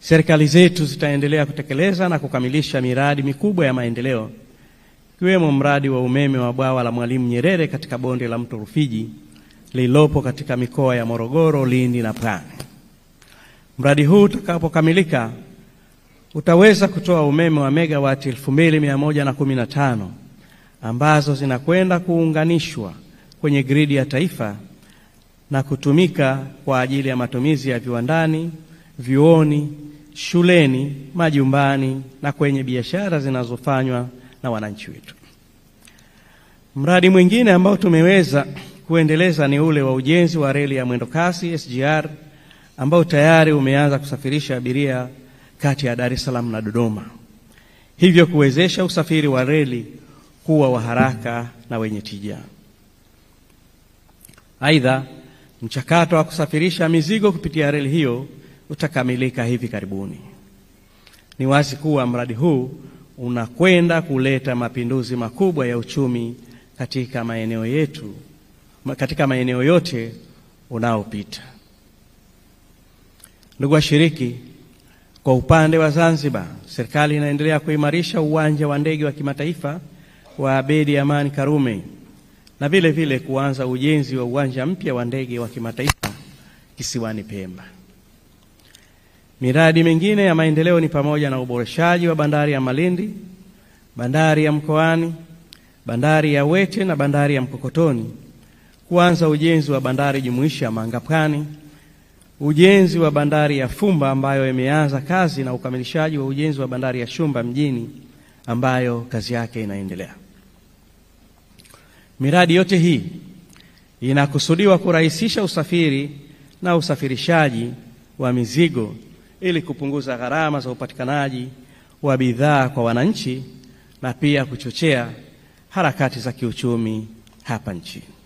Serikali zetu zitaendelea kutekeleza na kukamilisha miradi mikubwa ya maendeleo ikiwemo mradi wa umeme wa bwawa la Mwalimu Nyerere katika bonde la mto Rufiji lililopo katika mikoa ya Morogoro, Lindi na Pwani. Mradi huu utakapokamilika utaweza kutoa umeme wa megawati 2115 ambazo zinakwenda kuunganishwa kwenye gridi ya taifa na kutumika kwa ajili ya matumizi ya viwandani, vyuoni shuleni, majumbani na kwenye biashara zinazofanywa na wananchi wetu. Mradi mwingine ambao tumeweza kuendeleza ni ule wa ujenzi wa reli ya mwendokasi SGR ambao tayari umeanza kusafirisha abiria kati ya Dar es Salaam na Dodoma, hivyo kuwezesha usafiri wa reli kuwa wa haraka na wenye tija. Aidha, mchakato wa kusafirisha mizigo kupitia reli hiyo utakamilika hivi karibuni. Ni wazi kuwa mradi huu unakwenda kuleta mapinduzi makubwa ya uchumi katika maeneo yetu, katika maeneo yote unaopita. Ndugu washiriki, kwa upande wa Zanzibar, serikali inaendelea kuimarisha uwanja wa ndege wa kimataifa wa Abedi Amani Karume na vile vile kuanza ujenzi wa uwanja mpya wa ndege wa kimataifa kisiwani Pemba. Miradi mingine ya maendeleo ni pamoja na uboreshaji wa bandari ya Malindi, bandari ya Mkoani, bandari ya Wete na bandari ya Mkokotoni, kuanza ujenzi wa bandari jumuishi ya Mangapwani, ujenzi wa bandari ya Fumba ambayo imeanza kazi na ukamilishaji wa ujenzi wa bandari ya Shumba mjini ambayo kazi yake inaendelea. Miradi yote hii inakusudiwa kurahisisha usafiri na usafirishaji wa mizigo ili kupunguza gharama za upatikanaji wa bidhaa kwa wananchi na pia kuchochea harakati za kiuchumi hapa nchini.